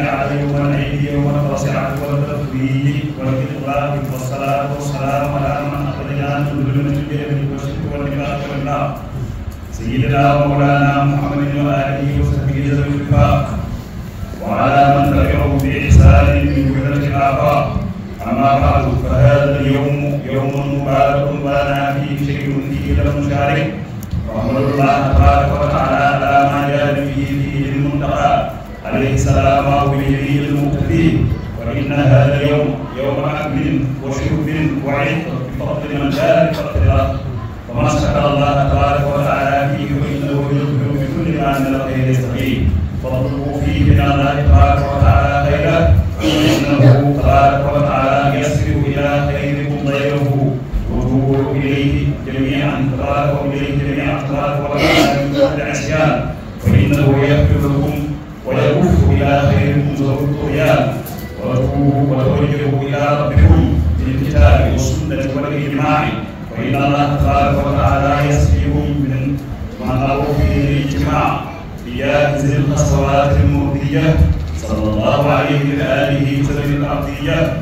عليه ولا أيديهم ولا بصرهم ولا تطويله ولكن الله والصلاة والسلام على من أخرجنا من ظلمة الجهل والشرك والنفاق والنار سيدنا ومولانا محمد وآله وصحبه جزم الوفاق وعلى من تبعه بإحسان من جملة الآفاق أما بعد فهذا اليوم يوم مبارك لنا فيه شيء فيه لم نشارك وأحمد الله تبارك وتعالى على ما جاء به فيه المنتقى عليه السلام ولجميع المقتدين وإن هذا اليوم يوم أكل وشرب وعتق بفضل من شاء فاقتدر وما شكر الله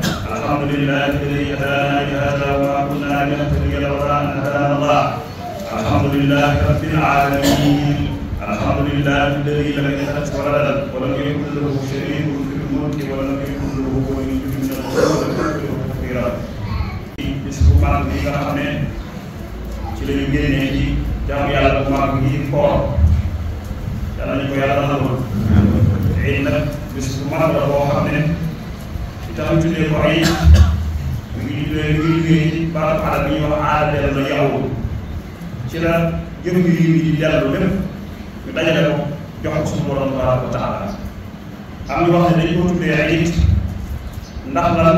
الحمد لله الذي هدانا لهذا وما كنا لنهتدي لولا ان هدانا الله الحمد لله رب العالمين الحمد لله الذي لم يلد ولدا ولم يكن له شريك في الملك ولم يكن له ولي من الخيرات bis bu mag bi nga xam ne ci la ñu génnee ci jaamu yàlla bu mag bi koor yàlla ñu ko yàlla nangu tey nag bis bu mag la boo xam ne tam tuddee ko ay mu ngi liggéey mu ngi liggéey ci barab arab yi ñuy wax aadal la yow ci la jëm gi yi di dellu lépp ñu dajale ko jox ko suñu borom tabaaraka wa taala am ñu wax ne dañ ko tuddee ay it ndax lan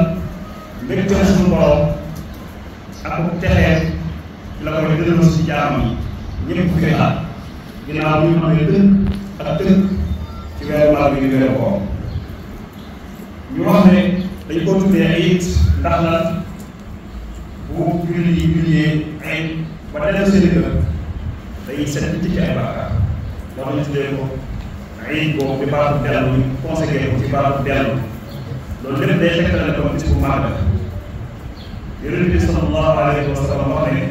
mbégteem suñu borom ak texeem la koy delloo si jaam yi ñëpp koy am ginnaaw bi ñu amee dënk ak dënk ci weeru maag bi ñu weeru koor ñu wax ne dañ ko tuddee ayit ndax lan bu julli yi jullee ayit ba dalee seen kër day set ci ay bàkkaar moo ñu tuddee ko ayit boobu bi baatu dellu ñu conseillé ko ci baatu dellu loolu lépp day tegtale ko bis bu màgg yonent bi sallallahu alayhi wa sallam wax ne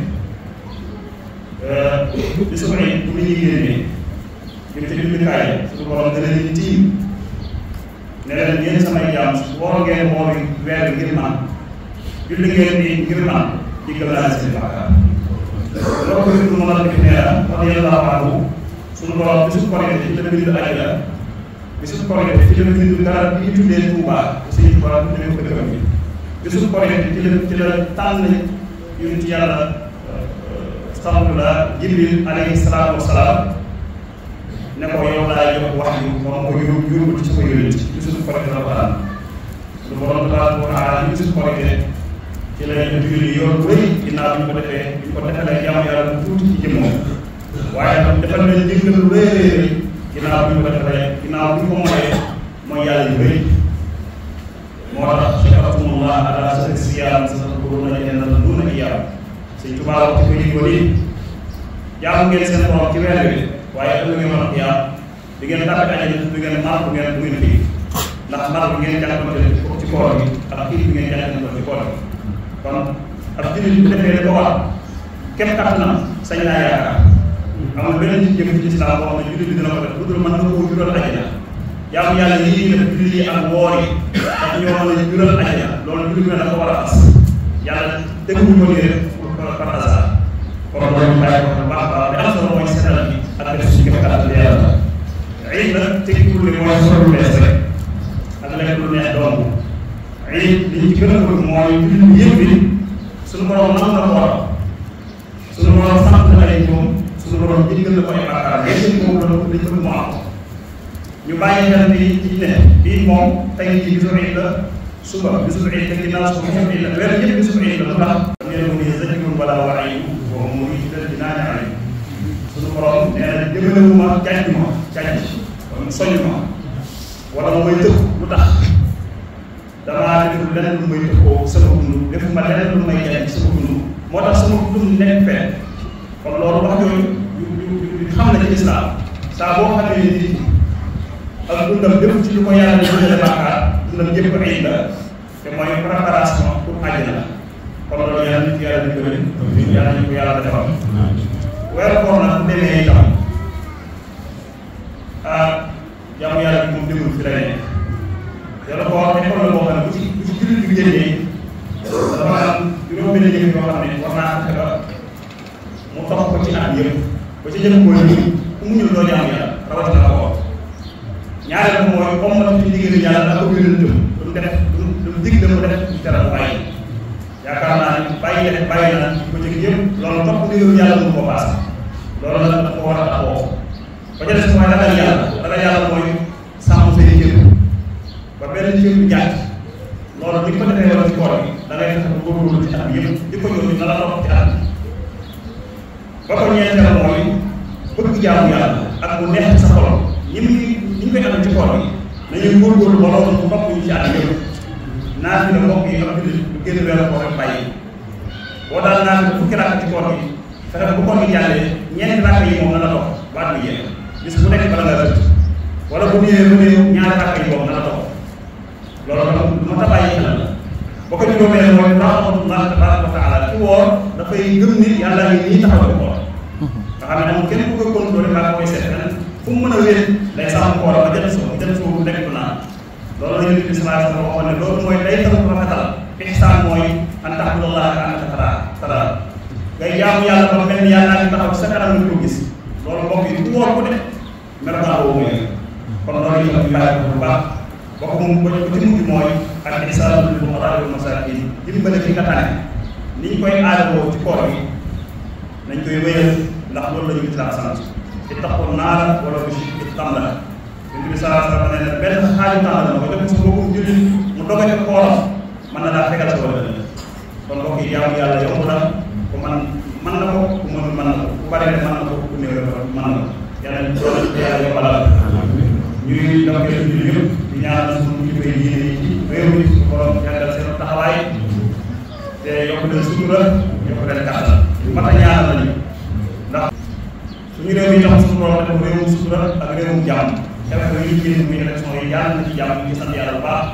euh, bis bu ayit bu ñu yéenee jëm ca julli kaay suñu borom dana leen tiim ne leen yéen samay jaam waroo ngeen woor weer ngir man julli ngeen nii ngir man jéggal naa seen bàkkaar loolu ñu ko mën a def nee na radiyallahu anhu suñu borom bi suñu korite ci la bind ajja bi suñu korite ci la bind dara bi ñu tuddee Tuuba suñu borom bi ko dëkkam bi bi suñu korite ci la ci la tànn yonent yàlla sallallahu alayhi salaatu wasalaam ne ko yow laa yóbbu wax yu moom ko yóbbu yóbbu ci sama yónent ci suñu projet la baal su borom tabaaraka wa taala ñu suñu projet ci la ñu julli yoon bu rëy ginnaaw bi ñu ko defee ñu ko defalee jaamu yàlla bu tuuti ci jëmmam waaye tam defal nañu jëngal lu rëy rëy rëy ginnaaw bi ñu ko defalee ginnaaw bi ñu ko mooyee mooy yàlla yu rëy moo tax shakakumullah ala sa siyaam sa na leen la dund ak yàlla sëñ Tuubaa wax ko ni jaamu ngeen seen borom ci weer bi waaye ëllëg ngeen mën a xiyaar di ngeen tàbbi àjjana du ngeen mar bu ngeen bu ngeen xiif ndax mar bi ngeen jàppante ci koor bi ak xiif bi ngeen jàppante ci koor bi kon ab jullit bu defee ko war képp kattanam sañ naa yaakaar amul beneen jëf ci islam boo xam ne jullit bi dina ko def lu dul mën na koo jural àjjana jaamu yàlla yii nag jullit yi ak woor yi ndax ñoo mën a jural àjjana loolu jullit bi dafa war a fas yàlla dëgg ñu ko nii rek par hasard kon loolu bàyyi ko bu baax baax tekkiwul ne mooy solu bees rek ak lekk lu neex doom it li ñu gën a bëgg mooy jullit yëpp bi suñu borom nan la ko suñu borom sant na leen ñoom suñu borom jënd na ko ay bàkkaar yéen moom la ko dañu bëgg mu am ñu bàyyi xel ni ci ne bii moom tey jii bisu iid la suba bisu iid la ginnaaw suba ñëpp iid la weer yëpp bisu iid la lu tax ngeen ne zajrun wala waayu boobu mu ngi ci dal dinaa soñu ma wala ma may tëx lu tax damaa def leneen lu may tëxoo sama dund def ma leneen lu may jariñ sama dund moo tax sama dund nekk fenn kon loolu wax yooyu yu xam na ci islaam saa boo xamee nit ak dundam lépp ci li ko yàlla di jëlee bàkkaar dundam yëpp ay la te mooy préparation pour àjjana kon loolu yàlla nit yàlla di gërëm yàlla ñu ko yàlla defal weeru koor nag demee itam ah, jaamu yàlla bi moom demul fi la nekk yàlla boo xam ne problème boo xam ne bu ci bu ci jullit bi génnee dafa am juróomi la jëf yoo xam ne war naa fexe ba mu tax ko ci anam yëpp ba ci jëf mooy nii ku mu ñëw doo jaamu yàlla rawatina la ko ñaareel mooy comme la fi liggéeyu yàlla daa ko gënal jëm lu mu def lu mu dig dama def ci teral bàyyi yaakaar naa ne bàyyi def bàyyi na ko jëg yëpp loolu topp liggéeyu yàlla mënu ko paas loolu la dafa war a taxawoo ba ca des mooy ragal yàlla ragal yàlla ñeenteel mooy bëgg jaamu yàlla ak bu neex sa xol ñi muy ñi koy amee ci xol bi nañuy góorgóorlu ba loolu mu topp ñu ci at yëpp naan bi la mbokk yi xam ne bu génn weer ko rek bàyyi boo daal naan bi fukki rakk ci koor bi fexe bu koor bi jàllee ñeenti rakk yi moom na la dox ba at mi jeex bis bu nekk bala nga tëdd wala bu ñëwee bu ne ñaari rakk yi moom na la dox loolu tam lu ma tabaay yi xelal ba ko juróomee mooy rahmatullah tabaraka wa taala ci woor dafay gëm nga xam ne amul kenn ku koy contrôlé mbaa nga koy seet feneen fu mu mën a wér day saxam kooram ba jënd soo jënd soo lekk du naan loolu la Yonent bi sallallahu alayhi wa sallam waxoon ne loolu mooy day tax rafetal ihsaan mooy an ta'budallaha ka'annaka taraahu ngay jaamu yàlla ba mel ni yàlla naa taxaw sa kanam nga ko gis loolu mbokk yi du woor ko def mer naa woo mooy kon loolu yi ñu bàyyi ko bu baax bokk moom ko ko ci mujj mooy ak ihsaanul lil fuqaraa wal masaakiin dimbale ki nga tànn ni ñu koy aajowoo ci koor yi nañ koy wéyal ndax loolu la ñu ngi sant ittaqu naara wala bu ci tàmbale yonent bi sallallahu alayhi wa sallam nee na benn xaaju tàmbale ma ko jox sa boppam jullit mu doge ci kooram mën na daa fegal sa wala kon mbokk yi yaamu yàlla yomb na ku man mën na ko ku mënul mën na ko ku bari mën na ko ku néew mën na ko yàlla doole ci yàlla yombalal ñuy doge suñu yëpp di ñaanal suñu kilifa yi diine yi réew mi suñu borom jàngal seen taxawaay te yokk na sutura élection yi génn muy élection yi yàlla na ci jàmm ci sant yàlla bu baax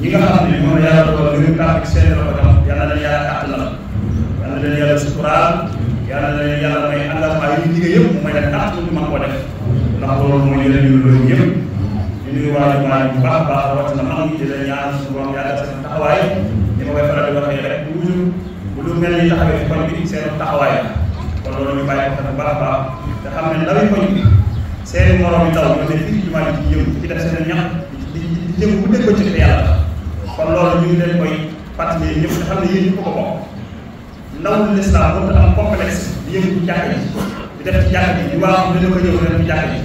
ñi nga xam ne moom la yàlla dogal ñu tàmbali seen loxo tam yàlla na yàlla kàttanal yàlla na yàlla suturaal yàlla na yàlla may engagement yi liggéey yëpp mooy nag tax ñu mën koo def ndax loolu mooy yeneen yu loolu yëpp ñu nuyu waa jumaa bu baax baax rawatina mag ñi di la ñaan suñu borom yàlla seen taxawaay ni ma koy faral di waxee rek toujours bu lu mel ni taxawee ci kon bi seen taxawaay kon loolu ñu bàyyi ko bu baax baax te xam ne ndawi koñ bi seen morom yi taw ñu ne fii jumaa ji ci yëngu ci def seen ñax di di yëngu bu dégg ko ci te yàlla kon loolu ñu ngi leen koy fàttali ñëpp nga xam ne yéen ñu ko ko bokk ndaw lislaam boobu am complexe di yëngu ci jàkk ji di def ci jàkk ji di waaxu dana ko yëngu def ci jàkk ji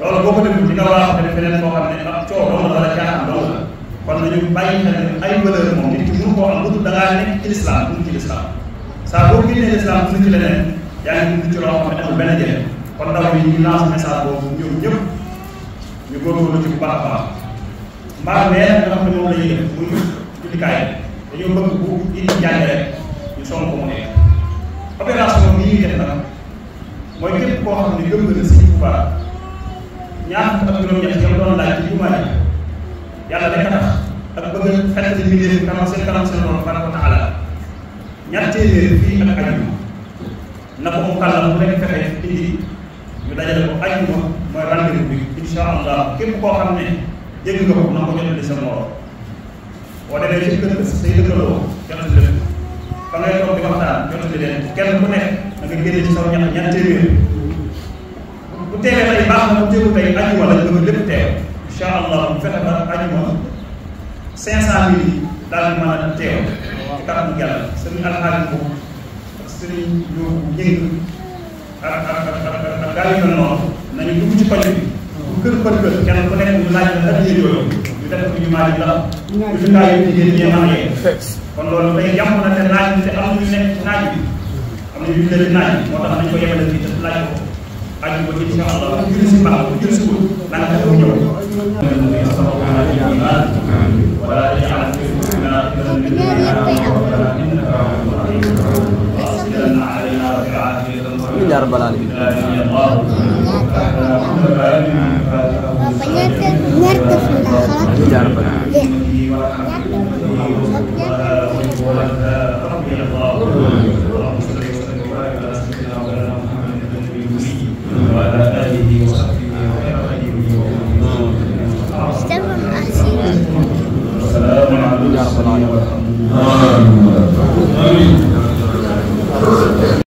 loolu boo ko defee di nga waaxu dana feneen boo xam ne ndax coow dong la wala jaaxam dong la kon nañu bàyyi xel ne ay valeur moom nit ki mënu koo am lu dul da ngaa nekk ci lislaam dund ci lislaam saa boo génnee lislaam dund ci leneen yaa ngi dund ci loo xam ne amul benn njëriñ kon ndaw yi ñu lance message boobu ñoom ñëpp ñu góorgóorlu ci bu baax a baax mbaar meer nga xam ne moom la ñuy def muy jullikaay dañoo bëgg bu indi njàng rek ñu sonn ko mu nekk opération bi ñuy def nag mooy képp koo xam ne gëm nga ne sëñ Tuubaa ñaar fukk ak juróom-ñett yam doon laaj ci jumaa ji yàlla day tax ak bëgg a fett li mbindéef kanam seen kanam seen loolu fana ko taala ñaar téeméer fii ak ajuma na ko mu kàllam bu nekk fexe indi ñu dajale ko ajjuma mooy rendez-vous bi incha allah képp koo xam ne dégg nga ko na ko jotali sa moroom boo demee ci kër say dëkkaloo jotali leen fa ngay toog di waxtaan jotali leen kenn ku nekk da nga génne ci saw ñax ñaar téeméer bu teewee tey baax na bu teewu tey ajjuma la ñu lépp teew incha allah bu fexe ba ajjuma cinq cent mille yi daal di mën a teew ci kanamu yàlla sëriñ alxaali boobu ak sëriñ ñu njëng ak ak gaa yu mel noonu nañu dugg ci koñ bi bu kër kër kër kenn ku nekk ñu laaj la addiya yooyu ñu def ko ñu maaj ndax bu fi gaa yi jigéen ñee mën a yegg kon loolu day yàmb na te naaj bi te am ñu nekk ci naaj bi am na ñu nekk ci naaj bi moo tax nañu ko yemale fii te laaj ko aju ko ci nga xam ne jël si baax bu jël si wul na nga def ñëw wala yàlla إلا رب العالمين